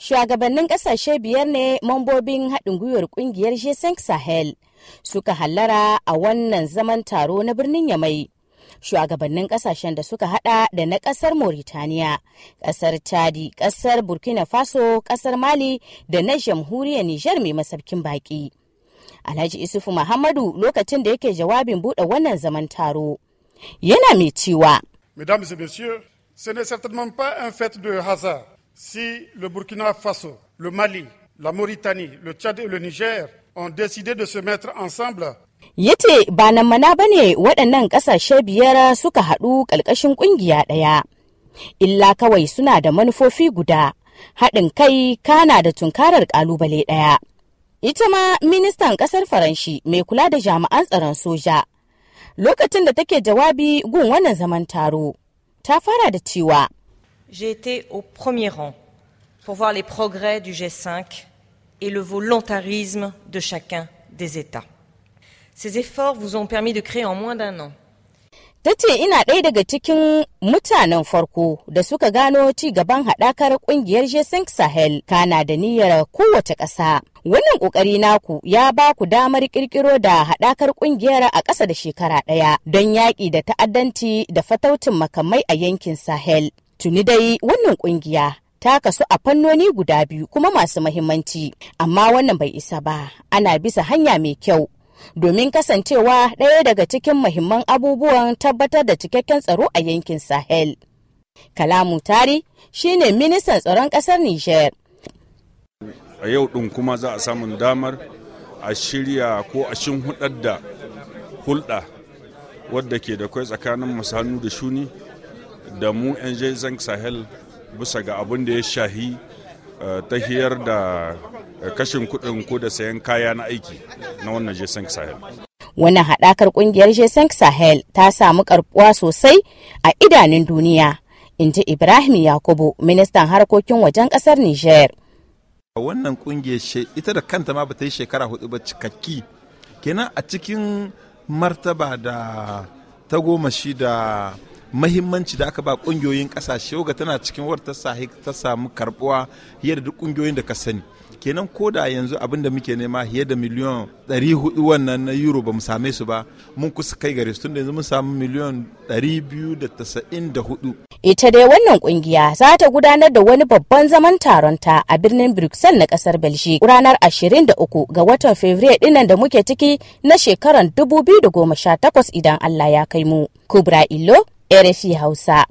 Shugabannin ƙasashe biyar ne mambobin haɗin gwiwar ƙungiyar g Sahel suka hallara a wannan zaman taro na birnin Yamai. Shugabannin ƙasashen da suka hada da na ƙasar Mauritaniya, ƙasar Chadi, ƙasar Burkina Faso, ƙasar Mali da na jamhuriyar Nijar mai masabkin baƙi. Alhaji Isufu Muhammadu lokacin da yake jawabin buɗe wannan zaman taro. Yana mai cewa. Mesdames ce n'est certainement pas un fait de hasard si le Burkina Faso, le Mali, la Mauritanie, le Tchad et le Niger ont décidé de se mettre ensemble yace ba nan mana ba ne waɗannan ƙasashe biyar suka haɗu ƙalƙashin ƙungiya ɗaya illa kawai suna da manufofi guda haɗin kai kana da tunkarar ƙalubale ɗaya ita ma ministan ƙasar faranshi mai kula da jami'an tsaron soja lokacin da take jawabi gun wannan zaman taro ta fara da cewa j'ai été au premier rang pour voir les progrès du G5 et le volontarisme de chacun des États. Ces efforts vous ont permis de créer en moins d'un an ta ina ɗaya daga cikin mutanen farko da suka gano ci gaban haɗakar ƙungiyar G5 Sahel kana da niyyar kowace ƙasa. Wannan ƙoƙari naku ya ba ku damar ƙirƙiro da haɗakar ƙungiyar a ƙasa da shekara ɗaya don yaƙi da ta'addanci da fatautin makamai a yankin Sahel. Tuni dai wannan kungiya ta kasu a fannoni guda biyu kuma masu mahimmanci, amma wannan bai isa ba, ana bisa hanya mai kyau. Domin kasancewa ɗaya daga cikin mahimman abubuwan tabbatar da cikakken tsaro a yankin Sahel. Kalamu Tari shine ministan tsaron ƙasar niger. A yau ɗin kuma za a samun damar a shirya ko a shin hudar da hulɗa wadda ke da kwai tsakanin masu hannu da shuni da mu 'yan jason sahel bisa ga abin da ya shahi eh, tahiyar da eh, kashin kudin ko da sayan kaya na aiki na wannan jason sahel wannan haɗakar ƙungiyar jason sahel ta samu karbuwa sosai a idanun duniya in ji ibrahim yakubu ministan harkokin wajen ƙasar niger wannan ƙungiyar ita da kanta ma ba ta yi shekara hudu ba cikakki kenan a cikin martaba da ta shi da mahimmanci da aka ba kungiyoyin kasashe yoga tana cikin wadda ta samu karbuwa fiye da duk kungiyoyin da ka sani kenan ko da yanzu abin da muke nema fiye da miliyan 400 wannan na euro ba mu same su ba mun kusa kai gare su tunda yanzu mun samu miliyan 294 ita dai wannan kungiya za ta gudanar da wani babban zaman taron ta a birnin Brussels na kasar Belgium ranar 23 ga watan Fabrairu dinnan da muke ciki na shekarar 2018 idan Allah ya kai mu Kubra Ilo RFI Hausa.